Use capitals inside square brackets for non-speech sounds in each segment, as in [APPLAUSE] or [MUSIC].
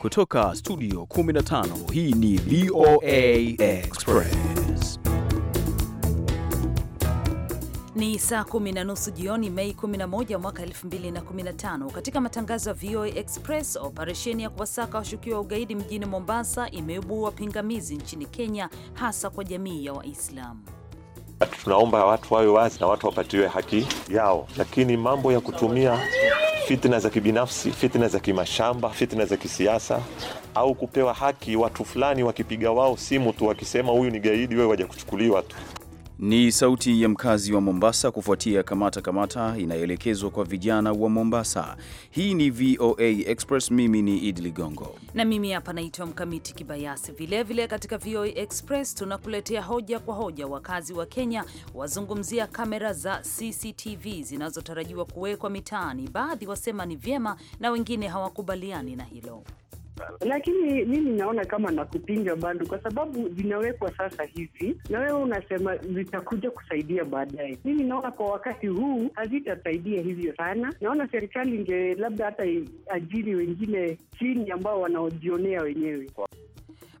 Kutoka studio 15 hii ni VOA Express. Ni saa kumi na nusu jioni, Mei 11 mwaka 2015. Katika matangazo ya VOA Express, operesheni ya kuwasaka washukiwa wa ugaidi mjini Mombasa imeibua pingamizi nchini Kenya, hasa kwa jamii ya Waislamu. Tunaomba watu wawe wazi na watu wapatiwe haki yao, lakini mambo ya kutumia fitna za kibinafsi, fitna za kimashamba, fitna za kisiasa, au kupewa haki watu fulani wakipiga wao simu tu wakisema huyu ni gaidi, wewe waja kuchukuliwa tu. Ni sauti ya mkazi wa Mombasa kufuatia kamata kamata inayoelekezwa kwa vijana wa Mombasa. Hii ni VOA Express, mimi ni Idi Ligongo na mimi hapa naitwa Mkamiti Kibayasi. Vilevile vile katika VOA Express tunakuletea hoja kwa hoja. Wakazi wa Kenya wazungumzia kamera za CCTV zinazotarajiwa kuwekwa mitaani, baadhi wasema ni vyema na wengine hawakubaliani na hilo lakini mimi naona kama nakupinga bado, kwa sababu zinawekwa sasa hivi na wewe unasema zitakuja kusaidia baadaye. Mimi naona kwa wakati huu hazitasaidia hivyo sana. Naona serikali inge labda hata ajiri wengine chini ambao wanaojionea wenyewe.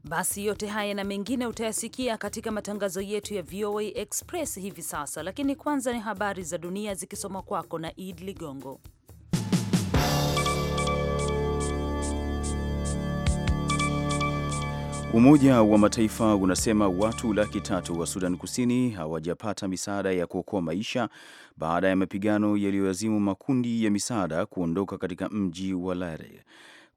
Basi yote haya na mengine utayasikia katika matangazo yetu ya VOA Express hivi sasa, lakini kwanza ni habari za dunia zikisoma kwako na Id Ligongo. Umoja wa Mataifa unasema watu laki tatu wa Sudan Kusini hawajapata misaada ya kuokoa maisha baada ya mapigano yaliyoazimu makundi ya misaada kuondoka katika mji wa Lare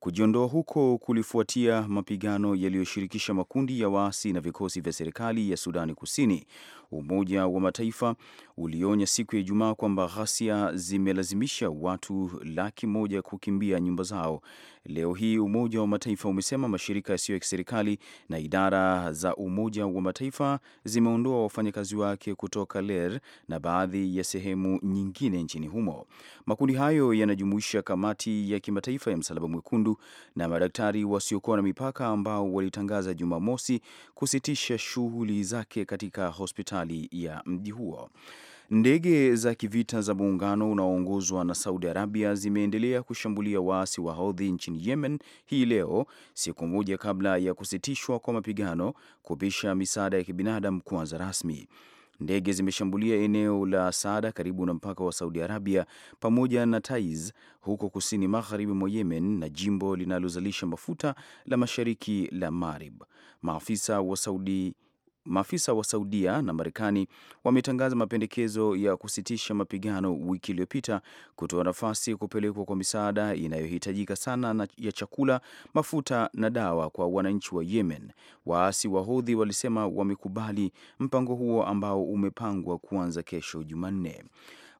Kujiondoa huko kulifuatia mapigano yaliyoshirikisha makundi ya waasi na vikosi vya serikali ya Sudani Kusini. Umoja wa Mataifa ulionya siku ya Ijumaa kwamba ghasia zimelazimisha watu laki moja kukimbia nyumba zao. Leo hii Umoja wa Mataifa umesema mashirika yasiyo ya kiserikali na idara za Umoja wa Mataifa zimeondoa wafanyakazi wake kutoka Ler na baadhi ya sehemu nyingine nchini humo. Makundi hayo yanajumuisha Kamati ya Kimataifa ya Msalaba Mwekundu na Madaktari Wasiokuwa na Mipaka ambao walitangaza Jumamosi kusitisha shughuli zake katika hospitali ya mji huo. Ndege za kivita za muungano unaoongozwa na Saudi Arabia zimeendelea kushambulia waasi wa Houthi nchini Yemen hii leo, siku moja kabla ya kusitishwa kwa mapigano kupisha misaada ya kibinadamu kuanza rasmi. Ndege zimeshambulia eneo la Saada karibu na mpaka wa Saudi Arabia pamoja na Taiz huko kusini magharibi mwa Yemen na jimbo linalozalisha mafuta la mashariki la Marib. Maafisa wa Saudi maafisa wa Saudia na Marekani wametangaza mapendekezo ya kusitisha mapigano wiki iliyopita, kutoa nafasi ya kupelekwa kwa misaada inayohitajika sana na ya chakula, mafuta na dawa kwa wananchi wa Yemen. Waasi wa Houthi walisema wamekubali mpango huo ambao umepangwa kuanza kesho Jumanne.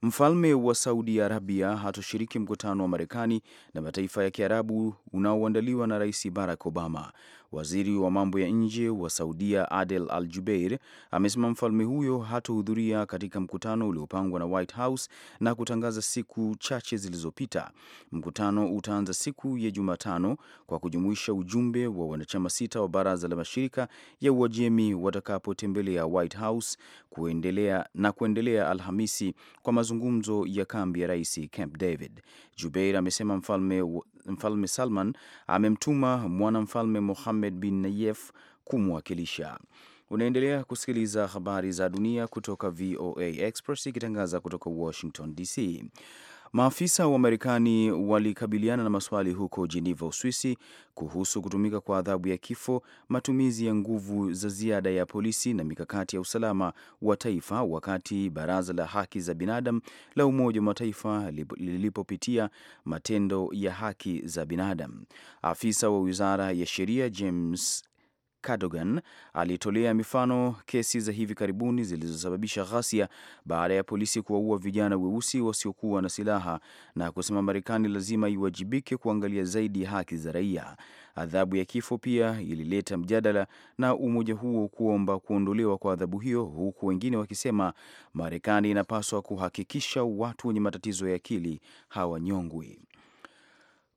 Mfalme wa Saudi Arabia hatoshiriki mkutano wa Marekani na mataifa ya Kiarabu unaoandaliwa na Rais Barack Obama. Waziri wa mambo ya nje wa Saudia Adel Al Jubeir amesema mfalme huyo hatohudhuria katika mkutano uliopangwa na White House na kutangaza siku chache zilizopita. Mkutano utaanza siku ya Jumatano kwa kujumuisha ujumbe wa wanachama sita wa Baraza la Mashirika ya Uajemi watakapotembelea White House kuendelea, na kuendelea Alhamisi kwa mazungumzo ya kambi ya rais Camp David. Jubeir amesema mfalme Mfalme Salman amemtuma mwanamfalme Mohammed bin Nayef kumwakilisha. Unaendelea kusikiliza habari za dunia kutoka VOA Express ikitangaza kutoka Washington DC. Maafisa wa Marekani walikabiliana na maswali huko Geneva, Uswisi, kuhusu kutumika kwa adhabu ya kifo, matumizi ya nguvu za ziada ya polisi na mikakati ya usalama wa taifa, wakati Baraza la Haki za Binadamu la Umoja wa Mataifa lilipopitia matendo ya haki za binadamu. Afisa wa wizara ya sheria James Cadogan alitolea mifano kesi za hivi karibuni zilizosababisha ghasia baada ya polisi kuwaua vijana weusi wasiokuwa na silaha na kusema Marekani lazima iwajibike kuangalia zaidi haki za raia. Adhabu ya kifo pia ilileta mjadala na umoja huo kuomba kuondolewa kwa adhabu hiyo, huku wengine wakisema Marekani inapaswa kuhakikisha watu wenye matatizo ya akili hawanyongwi.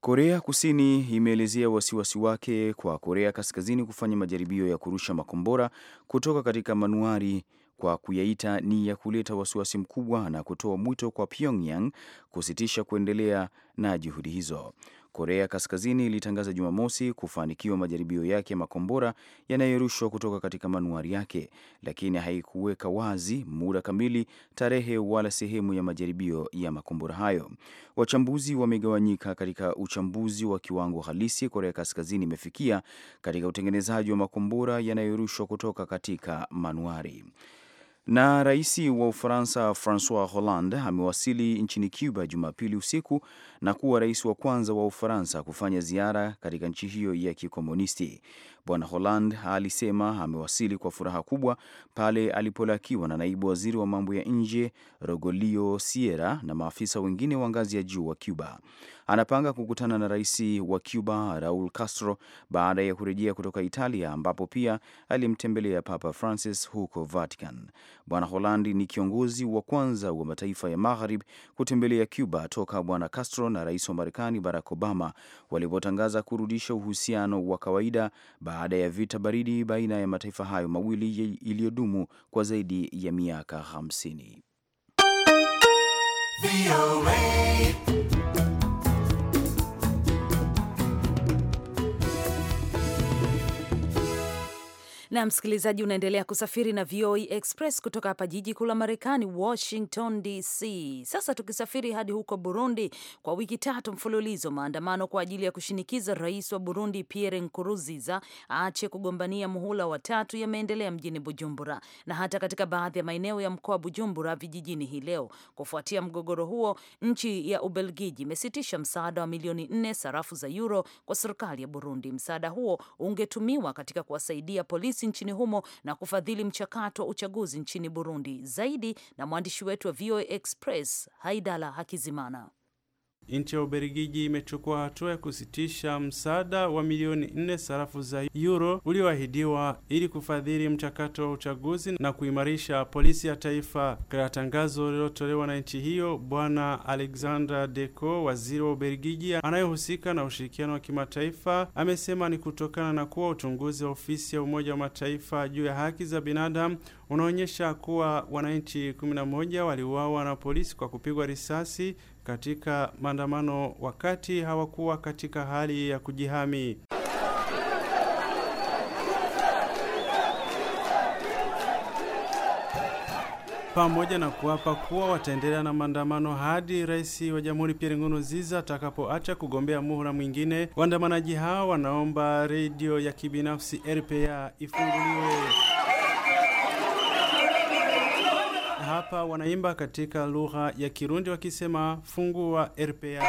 Korea Kusini imeelezea wasiwasi wake kwa Korea Kaskazini kufanya majaribio ya kurusha makombora kutoka katika manuari kwa kuyaita ni ya kuleta wasiwasi mkubwa na kutoa mwito kwa Pyongyang kusitisha kuendelea na juhudi hizo. Korea Kaskazini ilitangaza Jumamosi kufanikiwa majaribio yake ya makombora yanayorushwa kutoka katika manuari yake, lakini haikuweka wazi muda kamili, tarehe wala sehemu ya majaribio ya makombora hayo. Wachambuzi wamegawanyika katika uchambuzi wa kiwango halisi Korea Kaskazini imefikia katika utengenezaji wa makombora yanayorushwa kutoka katika manuari na rais wa Ufaransa Francois Hollande amewasili nchini Cuba Jumapili usiku na kuwa rais wa kwanza wa Ufaransa kufanya ziara katika nchi hiyo ya kikomunisti. Bwana holand alisema amewasili kwa furaha kubwa pale alipolakiwa na naibu waziri wa mambo ya nje Rogolio siera na maafisa wengine wa ngazi ya juu wa Cuba. Anapanga kukutana na rais wa Cuba Raul Castro baada ya kurejea kutoka Italia, ambapo pia alimtembelea Papa Francis huko Vatican. Bwana Hollande ni kiongozi wa kwanza wa mataifa ya Magharibi kutembelea Cuba toka Bwana Castro na rais wa Marekani Barack Obama walipotangaza kurudisha uhusiano wa kawaida baada ya vita baridi baina ya mataifa hayo mawili iliyodumu kwa zaidi ya miaka 50. na msikilizaji, unaendelea kusafiri na VOA e Express kutoka hapa jiji kuu la Marekani, Washington DC. Sasa tukisafiri hadi huko Burundi, kwa wiki tatu mfululizo, maandamano kwa ajili ya kushinikiza rais wa Burundi Pierre Nkurunziza aache kugombania muhula wa tatu yameendelea mjini Bujumbura na hata katika baadhi ya maeneo ya mkoa wa Bujumbura vijijini hii leo. Kufuatia mgogoro huo, nchi ya Ubelgiji imesitisha msaada wa milioni nne sarafu za euro kwa serikali ya Burundi. Msaada huo ungetumiwa katika kuwasaidia polisi polisi nchini humo na kufadhili mchakato wa uchaguzi nchini Burundi. Zaidi na mwandishi wetu wa VOA Express Haidala Hakizimana. Nchi ya Ubelgiji imechukua hatua ya kusitisha msaada wa milioni nne sarafu za euro ulioahidiwa ili kufadhili mchakato wa uchaguzi na kuimarisha polisi ya taifa. Katika tangazo lililotolewa na nchi hiyo, Bwana Alexander deco waziri wa Ubelgiji anayehusika na ushirikiano wa kimataifa, amesema ni kutokana na kuwa uchunguzi wa ofisi ya Umoja wa Mataifa juu ya haki za binadamu unaonyesha kuwa wananchi 11 waliuawa na polisi kwa kupigwa risasi katika maandamano wakati hawakuwa katika hali ya kujihami. pamoja na kuapa kuwa wataendelea na maandamano hadi rais wa jamhuri Pierre Nkurunziza atakapoacha kugombea muhula mwingine. Waandamanaji hao wanaomba redio ya kibinafsi RPA ifunguliwe. hapa wanaimba katika lugha ya Kirundi wakisema fungua RPA.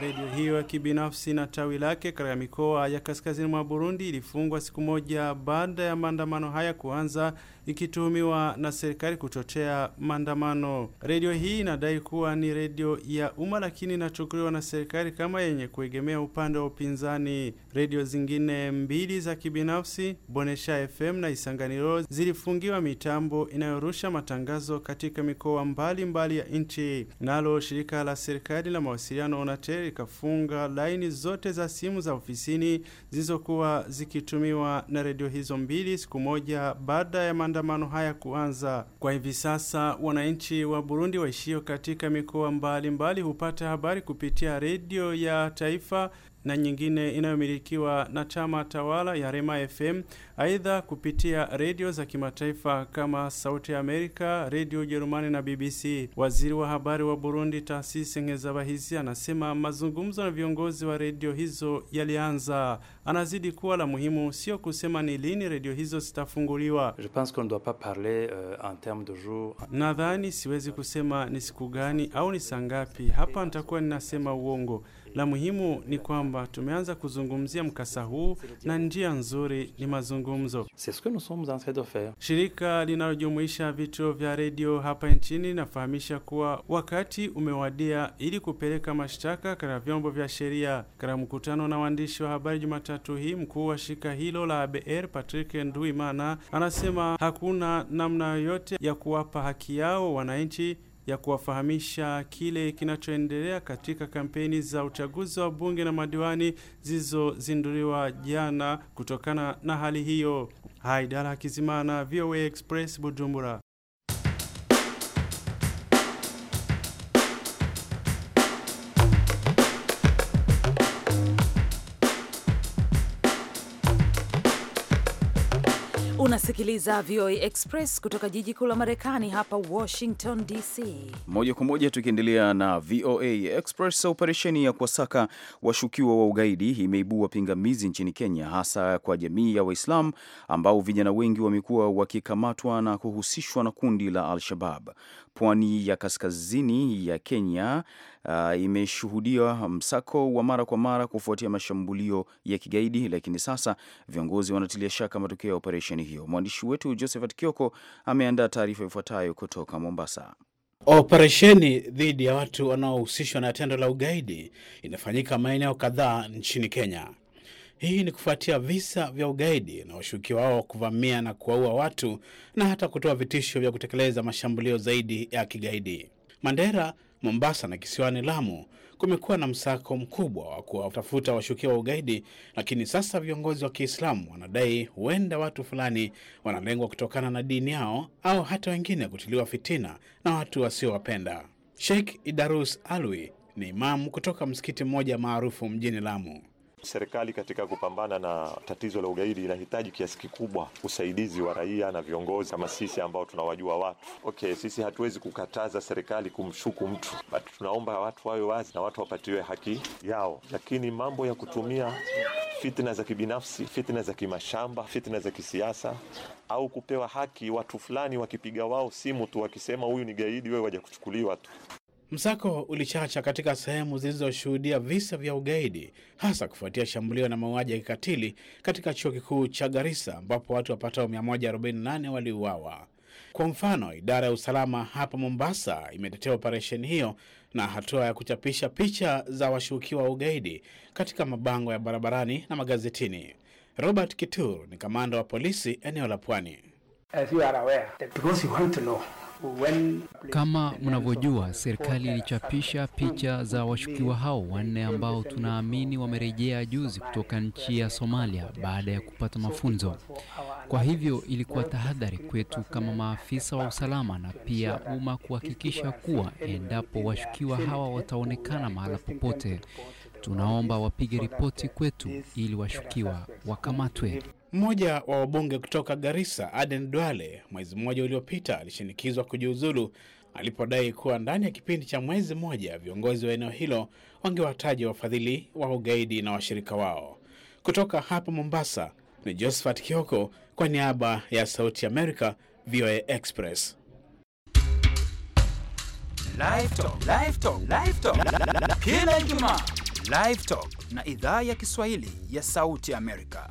Redio hiyo ya kibinafsi na tawi lake katika mikoa ya kaskazini mwa Burundi ilifungwa siku moja baada ya maandamano haya kuanza ikituhumiwa na serikali kuchochea maandamano. Redio hii inadai kuwa ni redio ya umma, lakini inachukuliwa na serikali kama yenye kuegemea upande wa upinzani. Redio zingine mbili za kibinafsi, Bonesha FM na Isanganiro, zilifungiwa mitambo inayorusha matangazo katika mikoa mbalimbali ya nchi. Nalo shirika la serikali la mawasiliano ONATEL likafunga laini zote za simu za ofisini zilizokuwa zikitumiwa na redio hizo mbili siku moja baada ya maandamano haya kuanza. Kwa hivi sasa wananchi wa Burundi waishio katika mikoa mbalimbali hupata habari kupitia redio ya taifa na nyingine inayomilikiwa na chama tawala ya Rema FM. Aidha, kupitia redio za kimataifa kama Sauti ya Amerika, Redio Ujerumani na BBC. Waziri wa habari wa Burundi Taasisi Nkezabahizi anasema mazungumzo na viongozi wa redio hizo yalianza. Anazidi kuwa la muhimu sio kusema ni lini redio hizo zitafunguliwa. Nadhani siwezi kusema ni siku gani au ni saa ngapi, hapa nitakuwa ninasema uongo. La muhimu ni kwamba tumeanza kuzungumzia mkasa huu na njia nzuri ni mazungumzo. Shirika linalojumuisha vituo vya redio hapa nchini inafahamisha kuwa wakati umewadia ili kupeleka mashtaka katika vyombo vya sheria. Katika mkutano na waandishi wa habari Jumatatu hii, mkuu wa shirika hilo la ABR Patrick Nduimana anasema hakuna namna yoyote ya kuwapa haki yao wananchi ya kuwafahamisha kile kinachoendelea katika kampeni za uchaguzi wa bunge na madiwani zilizozinduliwa jana. Kutokana na hali hiyo, Haidara Kizimana, VOA Express, Bujumbura. Unasikiliza VOA Express kutoka jiji kuu la Marekani hapa Washington DC, moja kwa moja. Tukiendelea na VOA Express, operesheni ya kuwasaka washukiwa wa ugaidi imeibua pingamizi nchini Kenya, hasa kwa jamii ya waislam ambao vijana wengi wamekuwa wakikamatwa na kuhusishwa na kundi la Al-Shabab pwani ya kaskazini ya Kenya uh, imeshuhudia msako wa mara kwa mara kufuatia mashambulio ya kigaidi, lakini sasa viongozi wanatilia shaka matokeo ya operesheni hiyo. Mwandishi wetu Josephat Kioko ameandaa taarifa ifuatayo kutoka Mombasa. Operesheni dhidi ya watu wanaohusishwa na tendo la ugaidi inafanyika maeneo kadhaa nchini Kenya. Hii ni kufuatia visa vya ugaidi na washukiwa wao kuvamia na kuwaua watu na hata kutoa vitisho vya kutekeleza mashambulio zaidi ya kigaidi. Mandera, Mombasa na kisiwani Lamu kumekuwa na msako mkubwa wa kuwatafuta washukiwa wa ugaidi, lakini sasa viongozi wa Kiislamu wanadai huenda watu fulani wanalengwa kutokana na dini yao au hata wengine kutiliwa fitina na watu wasiowapenda. Sheikh Idarus Alwi ni imamu kutoka msikiti mmoja maarufu mjini Lamu. Serikali katika kupambana na tatizo la ugaidi inahitaji kiasi kikubwa usaidizi wa raia na viongozi kama sisi ambao tunawajua watu. Okay, sisi hatuwezi kukataza serikali kumshuku mtu, but tunaomba watu wawe wazi na watu wapatiwe haki yao, lakini mambo ya kutumia fitna za kibinafsi, fitna za kimashamba, fitna za kisiasa au kupewa haki watu fulani wakipiga wao simu tu wakisema huyu ni gaidi, wewe waja kuchukuliwa tu. Msako ulichacha katika sehemu zilizoshuhudia visa vya ugaidi hasa kufuatia shambulio na mauaji ya kikatili katika chuo kikuu cha Garissa ambapo watu wapatao 148 waliuawa. Kwa mfano, idara ya usalama hapa Mombasa imetetea operesheni hiyo na hatua ya kuchapisha picha za washukiwa wa ugaidi katika mabango ya barabarani na magazetini. Robert kitur ni kamanda wa polisi eneo la Pwani. Kama mnavyojua, serikali ilichapisha picha za washukiwa hao wanne ambao tunaamini wamerejea juzi kutoka nchi ya Somalia baada ya kupata mafunzo. Kwa hivyo ilikuwa tahadhari kwetu kama maafisa wa usalama na pia umma kuhakikisha kuwa endapo washukiwa hawa wataonekana mahala popote, tunaomba wapige ripoti kwetu ili washukiwa wakamatwe. Mmoja wa wabunge kutoka Garissa, Aden Duale, mwezi mmoja uliopita alishinikizwa kujiuzulu alipodai kuwa ndani ya kipindi cha mwezi mmoja viongozi wa eneo hilo wangewataja wafadhili wa ugaidi na washirika wao. Kutoka hapa Mombasa ni Josephat Kioko kwa niaba ya Sauti America, VOA Express. Kila Ijumaa Live Talk na idhaa ya Kiswahili ya Sauti Amerika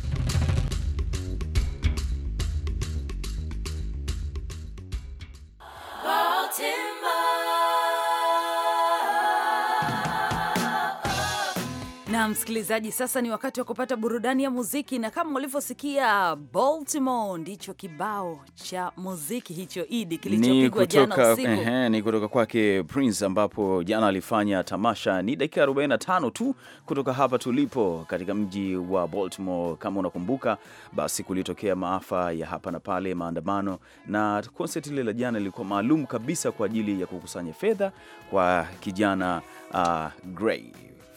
na msikilizaji, sasa ni wakati wa kupata burudani ya muziki, na kama ulivyosikia, Baltimore ndicho kibao cha muziki hicho idi kilichopigwa jana usiku. Ehe, ni kutoka kwake Prince, ambapo jana alifanya tamasha. Ni dakika 45 tu kutoka hapa tulipo katika mji wa Baltimore. Kama unakumbuka, basi kulitokea maafa ya hapa na pale, maandamano, na concert ile la jana ilikuwa maalum kabisa kwa ajili ya kukusanya fedha kwa kijana uh, Gray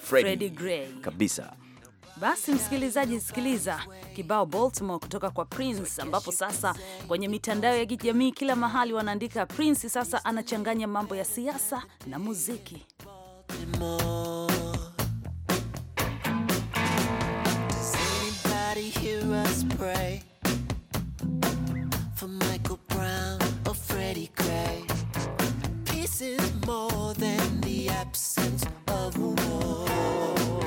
Freddy Gray kabisa. Basi msikilizaji, sikiliza kibao Baltimore kutoka kwa Prince, ambapo sasa kwenye mitandao ya kijamii kila mahali wanaandika Prince sasa anachanganya mambo ya siasa na muziki. More than the absence of war.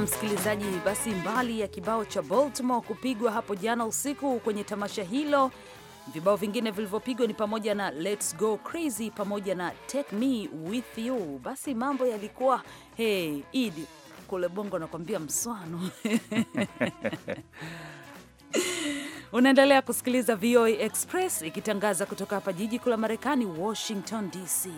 msikilizaji, basi mbali ya kibao cha Baltimore kupigwa hapo jana usiku kwenye tamasha hilo, vibao vingine vilivyopigwa ni pamoja na Let's Go Crazy pamoja na Take Me With You. Basi mambo yalikuwa hey, Idi kule Bongo nakwambia mswano [LAUGHS] Unaendelea kusikiliza VOA Express ikitangaza kutoka hapa jiji kuu la Marekani, Washington DC.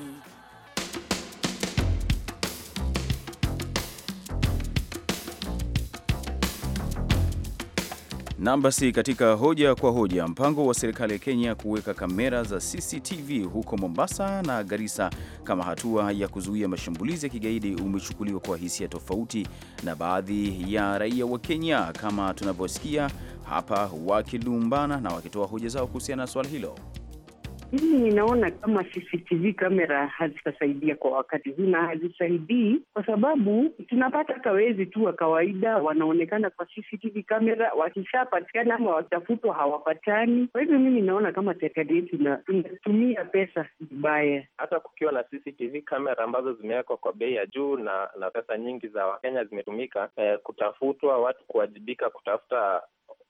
Namba basi katika hoja kwa hoja, mpango wa serikali ya Kenya kuweka kamera za CCTV huko Mombasa na Garissa kama hatua ya kuzuia mashambulizi ya kigaidi umechukuliwa kwa hisia tofauti na baadhi ya raia wa Kenya, kama tunavyosikia hapa wakilumbana na wakitoa hoja zao kuhusiana na swala hilo. Mimi ninaona kama CCTV kamera hazitasaidia kwa wakati huu na hazisaidii kwa sababu tunapata hata wezi tu wa kawaida wanaonekana kwa CCTV kamera, wakishapatikana ama watafutwa hawapatani. Kwa hivyo mimi naona kama serikali yetu inatumia pesa vibaya, hata kukiwa na CCTV kamera ambazo zimewekwa kwa bei ya juu na na pesa nyingi za Wakenya zimetumika eh, kutafutwa watu kuwajibika kutafuta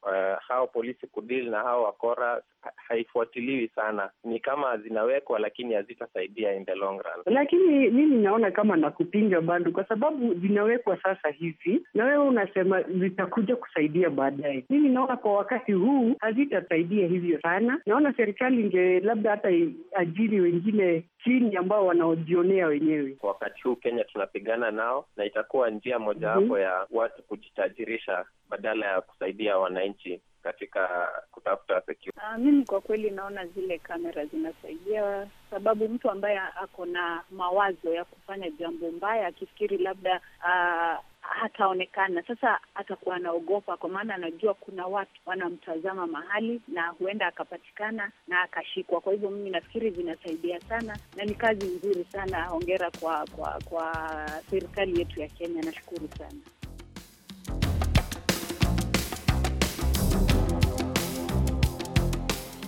uh, hao polisi kudili na hao wakora haifuatiliwi sana, ni kama zinawekwa lakini hazitasaidia in the long run. Lakini mimi naona kama nakupinga bado, kwa sababu zinawekwa sasa hivi na wewe unasema zitakuja kusaidia baadaye. Mimi naona kwa wakati huu hazitasaidia hivyo sana. Naona serikali inge labda hata ajiri wengine chini ambao wanaojionea wenyewe. Kwa wakati huu Kenya tunapigana nao na itakuwa njia mojawapo mm -hmm. ya watu kujitajirisha badala ya kusaidia wananchi katika kutafuta security. Uh, mimi kwa kweli naona zile kamera zinasaidia, sababu mtu ambaye ako na mawazo ya kufanya jambo mbaya akifikiri labda uh, hataonekana. Sasa atakuwa anaogopa, kwa maana anajua kuna watu wanamtazama mahali na huenda akapatikana na akashikwa. Kwa hivyo mimi nafikiri vinasaidia sana na ni kazi nzuri sana. Hongera kwa kwa kwa serikali yetu ya Kenya, nashukuru sana.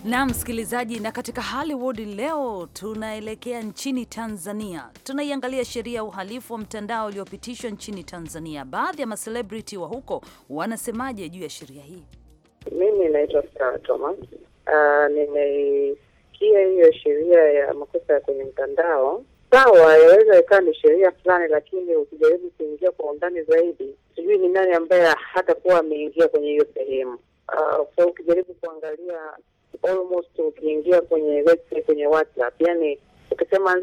na msikilizaji, na katika Hollywood leo tunaelekea nchini Tanzania. Tunaiangalia sheria ya uhalifu wa mtandao iliyopitishwa nchini Tanzania. Baadhi ya macelebrity wa huko wanasemaje juu ya sheria hii? Mimi naitwa Sara Thomas. Uh, ah, nimeisikia hiyo sheria ya makosa ya kwenye mtandao. Sawa, yaweza ikawa ni sheria fulani, lakini ukijaribu kuingia kwa undani zaidi, sijui ni nani ambaye hatakuwa ameingia kwenye hiyo sehemu. Uh, ah, so ukijaribu kuangalia almost ukiingia kwenye website, kwenye WhatsApp, yani ukisema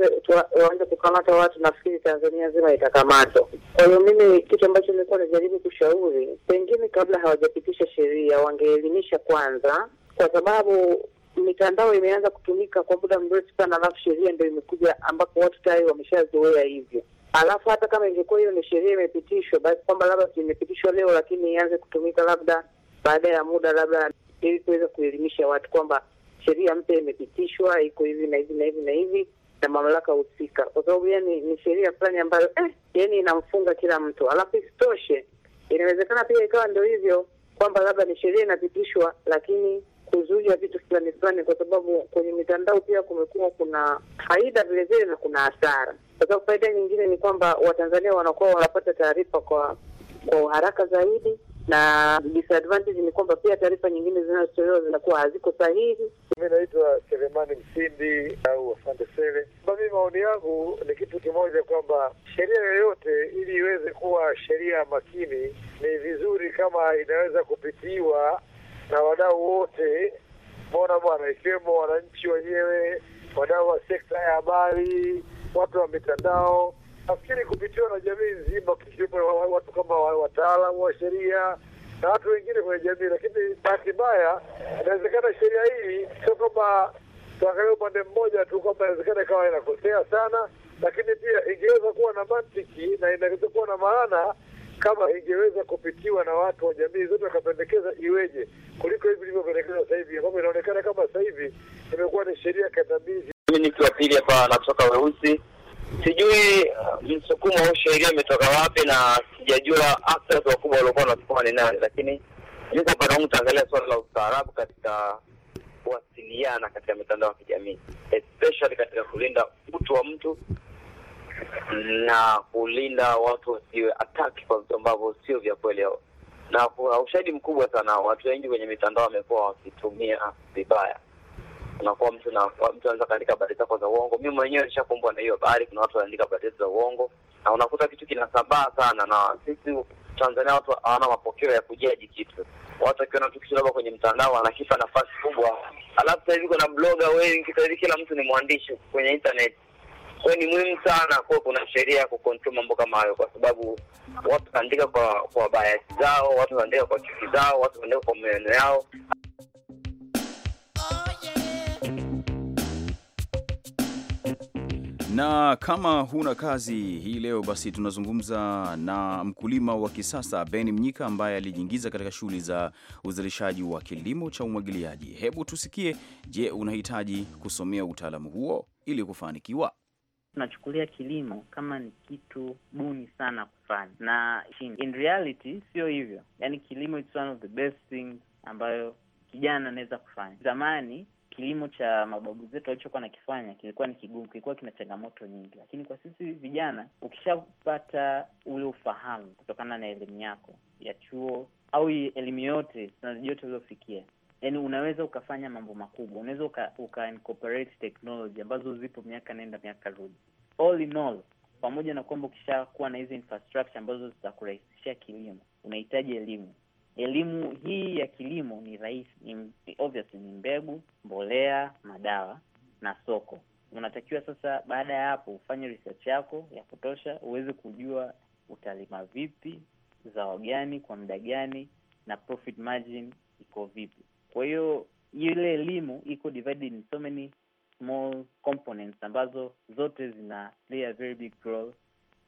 waanze kukamata watu, nafikiri Tanzania nzima itakamatwa. Kwa hiyo mimi, kitu ambacho nilikuwa najaribu kushauri, pengine kabla hawajapitisha sheria, wangeelimisha kwanza, kwa sababu mitandao imeanza kutumika kwa muda mrefu sana, alafu sheria ndio imekuja ambapo watu tayari wameshazoea hivyo. Alafu hata kama ingekuwa hiyo ni sheria imepitishwa, basi kwamba labda imepitishwa leo, lakini ianze kutumika labda baada ya muda labda ili kuweza kuelimisha watu kwamba sheria mpya imepitishwa, iko hivi na hivi na hivi na hivi na mamlaka husika, kwa sababu yani ni sheria fulani ambayo eh, yani inamfunga kila mtu. Alafu isitoshe, inawezekana pia ikawa ndio hivyo kwamba labda ni sheria inapitishwa, lakini kuzuia vitu fulani fulani, kwa sababu kwenye mitandao pia kumekuwa kuna faida vilevile na kuna hasara. Kwa sababu faida nyingine ni kwamba Watanzania wanakuwa wanapata taarifa kwa kwa uharaka zaidi na disadvantage ni kwamba pia taarifa nyingine zinazotolewa zinakuwa haziko sahihi. Mi naitwa Selemani Msindi au Asante Sele. Mi maoni yangu ni kitu kimoja, kwamba sheria yoyote ili iweze kuwa sheria makini, ni vizuri kama inaweza kupitiwa na wadau wote, mbona bwana, ikiwemo wananchi wenyewe, wadau wa sekta ya habari, watu wa mitandao nafikiri kupitiwa na jamii nzima, watu kama wataalamu wa sheria na watu wengine kwenye jamii. Lakini bahati mbaya, inawezekana sheria hii sio kwamba tuangalia upande mmoja tu, kwamba inawezekana ikawa inakosea sana, lakini pia ingeweza kuwa na mantiki na inaweza kuwa na maana kama ingeweza kupitiwa na watu wa jamii zote wakapendekeza iweje, kuliko hivi ilivyopendekezwa sasa hivi, ambapo inaonekana kama sasa hivi imekuwa ni sheria katabizi. Mimi ni wa pili hapa, natoka Weusi. Sijui uh, msukumo au sheria umetoka wapi, na sijajua actors wakubwa waliokuwa wanasukuma ni nani, lakini jinsi ambavyo angalia swala la ustaarabu katika kuwasiliana katika mitandao ya kijamii, especially katika kulinda utu wa mtu na kulinda watu wasiwe attack kwa vitu ambavyo sio vya kweli, na kuna ushahidi mkubwa sana, watu wengi kwenye mitandao wamekuwa wakitumia vibaya unakuwa mtu na mtu anaweza kaandika habari zako za uongo. Mimi mwenyewe nishakumbwa na hiyo habari, kuna watu wanaandika habari zetu za uongo na unakuta kitu kinasambaa sana, na sisi Tanzania watu hawana mapokeo ya kujaji kitu. Watu wakiona tu kitu labda kwenye mtandao anakipa nafasi kubwa, alafu sasa hivi kuna bloga wengi, sasa hivi kila mtu ni mwandishi kwenye internet. Kwa ni muhimu sana kuwa kuna sheria ya kucontrol mambo kama hayo, kwa sababu watu wanaandika kwa kwa bias zao, watu wanaandika kwa chuki zao, watu wanaandika kwa maneno yao. na kama huna kazi hii leo, basi tunazungumza na mkulima wa kisasa Ben Mnyika ambaye alijiingiza katika shughuli za uzalishaji wa kilimo cha umwagiliaji. Hebu tusikie, je, unahitaji kusomea utaalamu huo ili kufanikiwa? Tunachukulia kilimo kama ni kitu buni sana kufanya, na in reality sio hivyo. Yani kilimo is one of the best things ambayo kijana anaweza kufanya. Zamani kilimo cha mababu zetu walichokuwa nakifanya kilikuwa ni kigumu, kilikuwa kina changamoto nyingi, lakini kwa sisi vijana, ukishapata ule ufahamu kutokana na elimu yako ya chuo au elimu yote na yote uliofikia, yani unaweza ukafanya mambo makubwa, unaweza uka, uka incorporate technology ambazo zipo miaka nenda miaka rudi. All in all, pamoja na kwamba ukishakuwa na hizi infrastructure ambazo zitakurahisishia kilimo, unahitaji elimu elimu hii ya kilimo ni rahisi, ni obviously ni mbegu, mbolea, madawa na soko. Unatakiwa sasa, baada ya hapo, ufanye research yako ya kutosha, uweze kujua utalima vipi, zao gani, kwa muda gani, na profit margin iko vipi. Kwa hiyo ile elimu iko divided in so many small components ambazo zote zina play a very big role.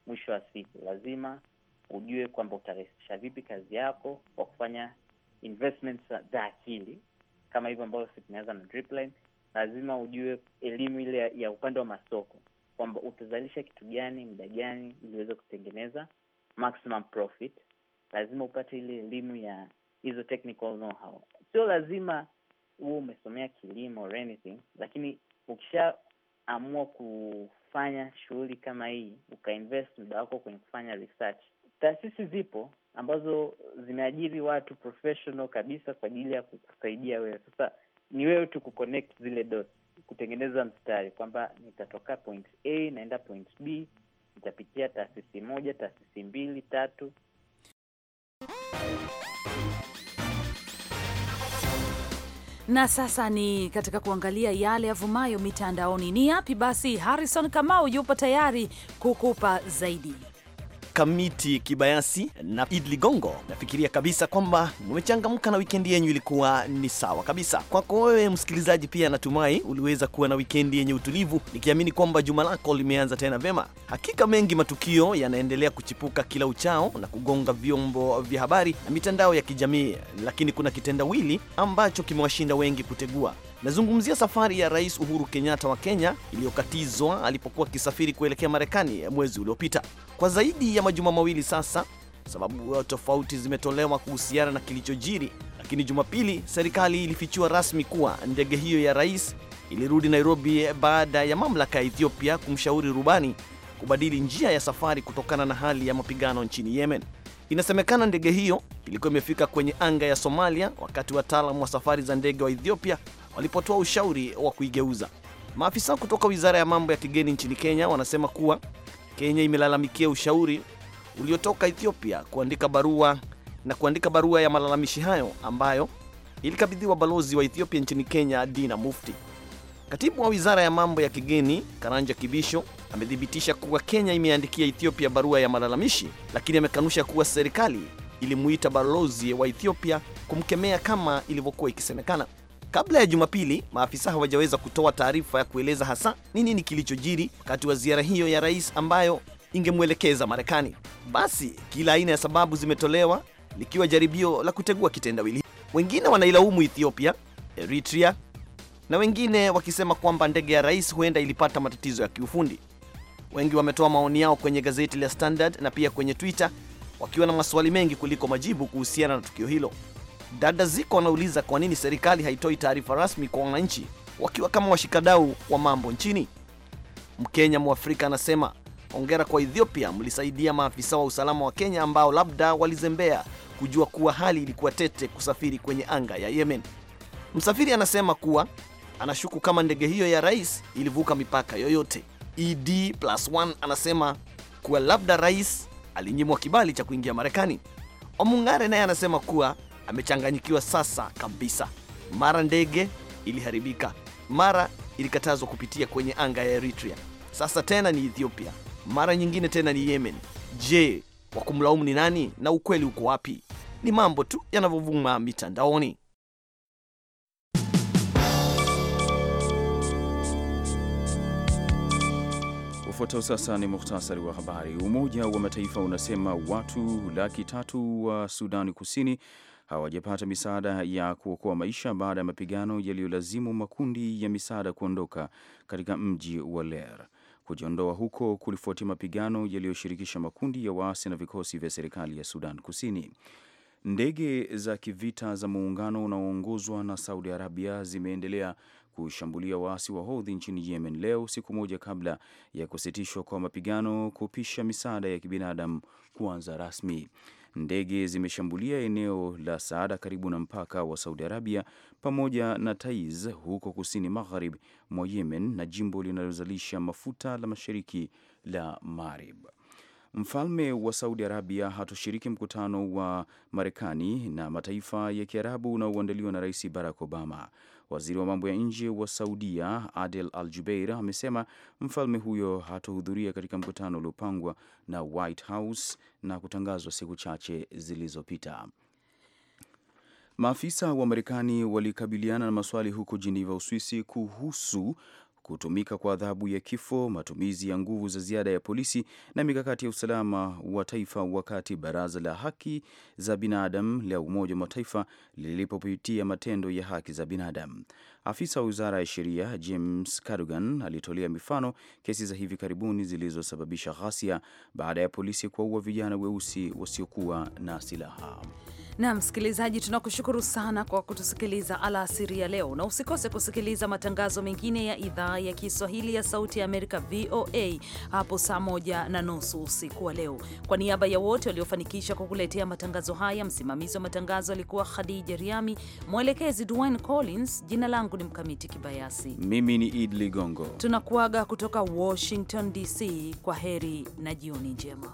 Mwisho wa siku lazima ujue kwamba utarahisisha vipi kazi yako kwa kufanya investments za akili kama hivyo ambavyo si tumeanza na dripline. Lazima ujue elimu ile ya upande wa masoko kwamba utazalisha kitu gani muda gani ili uweze kutengeneza maximum profit. Lazima upate ile elimu ya hizo technical know how. Sio lazima huo umesomea kilimo or anything, lakini ukishaamua kufanya shughuli kama hii ukainvest muda wako kwenye kufanya research Taasisi zipo ambazo zimeajiri watu professional kabisa kwa ajili ya kukusaidia wewe. Sasa ni wewe tu kuconnect zile dots, kutengeneza mstari kwamba nitatoka point A naenda point B, nitapitia taasisi moja, taasisi mbili, tatu. Na sasa ni katika kuangalia yale yavumayo mitandaoni. Ni yapi basi? Harrison Kamau yupo tayari kukupa zaidi kamiti Kibayasi na Id Ligongo. Nafikiria kabisa kwamba umechangamka na wikendi yenyu ilikuwa ni sawa kabisa. Kwako wewe msikilizaji pia, natumai uliweza kuwa na wikendi yenye utulivu, nikiamini kwamba juma lako limeanza tena vema. Hakika mengi matukio yanaendelea kuchipuka kila uchao na kugonga vyombo vya habari na mitandao ya kijamii, lakini kuna kitendawili ambacho kimewashinda wengi kutegua Nazungumzia safari ya Rais Uhuru Kenyatta wa Kenya iliyokatizwa alipokuwa akisafiri kuelekea Marekani mwezi uliopita kwa zaidi ya majuma mawili sasa. Sababu uh, tofauti zimetolewa kuhusiana na kilichojiri, lakini Jumapili serikali ilifichua rasmi kuwa ndege hiyo ya rais ilirudi Nairobi baada ya mamlaka ya Ethiopia kumshauri rubani kubadili njia ya safari kutokana na hali ya mapigano nchini Yemen. Inasemekana ndege hiyo ilikuwa imefika kwenye anga ya Somalia wakati wataalamu wa safari za ndege wa Ethiopia walipotoa ushauri wa kuigeuza. Maafisa kutoka Wizara ya Mambo ya Kigeni nchini Kenya wanasema kuwa Kenya imelalamikia ushauri uliotoka Ethiopia kuandika barua na kuandika barua ya malalamishi hayo ambayo ilikabidhiwa balozi wa Ethiopia nchini Kenya Dina Mufti. Katibu wa Wizara ya Mambo ya Kigeni Karanja Kibisho amethibitisha kuwa Kenya imeandikia Ethiopia barua ya malalamishi, lakini amekanusha kuwa serikali ilimuita balozi wa Ethiopia kumkemea kama ilivyokuwa ikisemekana. Kabla ya Jumapili, maafisa hawajaweza kutoa taarifa ya kueleza hasa ni nini kilichojiri wakati wa ziara hiyo ya rais ambayo ingemwelekeza Marekani. Basi kila aina ya sababu zimetolewa, likiwa jaribio la kutegua kitendawili. Wengine wanailaumu Ethiopia, Eritrea na wengine wakisema kwamba ndege ya rais huenda ilipata matatizo ya kiufundi. Wengi wametoa maoni yao kwenye gazeti la Standard na pia kwenye Twitter wakiwa na maswali mengi kuliko majibu kuhusiana na tukio hilo. Dada Ziko anauliza kwa nini serikali haitoi taarifa rasmi kwa wananchi wakiwa kama washikadau wa mambo nchini. Mkenya Mwafrika anasema hongera kwa Ethiopia, mlisaidia maafisa wa usalama wa Kenya ambao labda walizembea kujua kuwa hali ilikuwa tete kusafiri kwenye anga ya Yemen. Msafiri anasema kuwa anashuku kama ndege hiyo ya rais ilivuka mipaka yoyote. ED plus 1 anasema kuwa labda rais alinyimwa kibali cha kuingia Marekani. Omung'are naye anasema kuwa amechanganyikiwa sasa kabisa, mara ndege iliharibika, mara ilikatazwa kupitia kwenye anga ya Eritrea, sasa tena ni Ethiopia, mara nyingine tena ni Yemen. Je, wa kumlaumu ni nani na ukweli uko wapi? Ni mambo tu yanavyovuma mitandaoni. Ufuatao sasa ni muhtasari wa habari. Umoja wa Mataifa unasema watu laki tatu wa Sudani Kusini hawajapata misaada ya kuokoa maisha baada ya mapigano yaliyolazimu makundi ya misaada kuondoka katika mji wa Ler. Kujiondoa huko kulifuatia mapigano yaliyoshirikisha makundi ya waasi na vikosi vya serikali ya Sudan Kusini. Ndege za kivita za muungano unaoongozwa na Saudi Arabia zimeendelea kushambulia waasi wa Houthi nchini Yemen leo, siku moja kabla ya kusitishwa kwa mapigano kupisha misaada ya kibinadamu kuanza rasmi. Ndege zimeshambulia eneo la Saada karibu na mpaka wa Saudi Arabia pamoja na Taiz huko kusini magharibi mwa Yemen na jimbo linalozalisha mafuta la mashariki la Marib. Mfalme wa Saudi Arabia hatoshiriki mkutano wa Marekani na mataifa ya Kiarabu unaoandaliwa na Rais Barack Obama. Waziri wa mambo ya nje wa Saudia Adel Al Jubeir amesema mfalme huyo hatohudhuria katika mkutano uliopangwa na White House na kutangazwa siku chache zilizopita. Maafisa wa Marekani walikabiliana na maswali huko jeneva Uswisi kuhusu kutumika kwa adhabu ya kifo, matumizi ya nguvu za ziada ya polisi na mikakati ya usalama wa taifa, wakati Baraza la Haki za Binadamu la Umoja wa Mataifa lilipopitia matendo ya haki za binadamu. Afisa wa Wizara ya Sheria James Cadogan alitolea mifano kesi za hivi karibuni zilizosababisha ghasia baada ya polisi kuwaua vijana weusi wasiokuwa na silaha. Na msikilizaji, tunakushukuru sana kwa kutusikiliza alasiri ya leo, na usikose kusikiliza matangazo mengine ya idhaa ya Kiswahili ya Sauti ya Amerika, VOA, hapo saa moja na nusu usiku wa leo. Kwa niaba ya wote waliofanikisha kukuletea matangazo haya, msimamizi wa matangazo alikuwa Khadija Riami, mwelekezi Dwayne Collins. Jina langu ni Mkamiti Kibayasi, mimi ni Id Ligongo. Tunakuaga kutoka Washington DC. Kwa heri na jioni njema.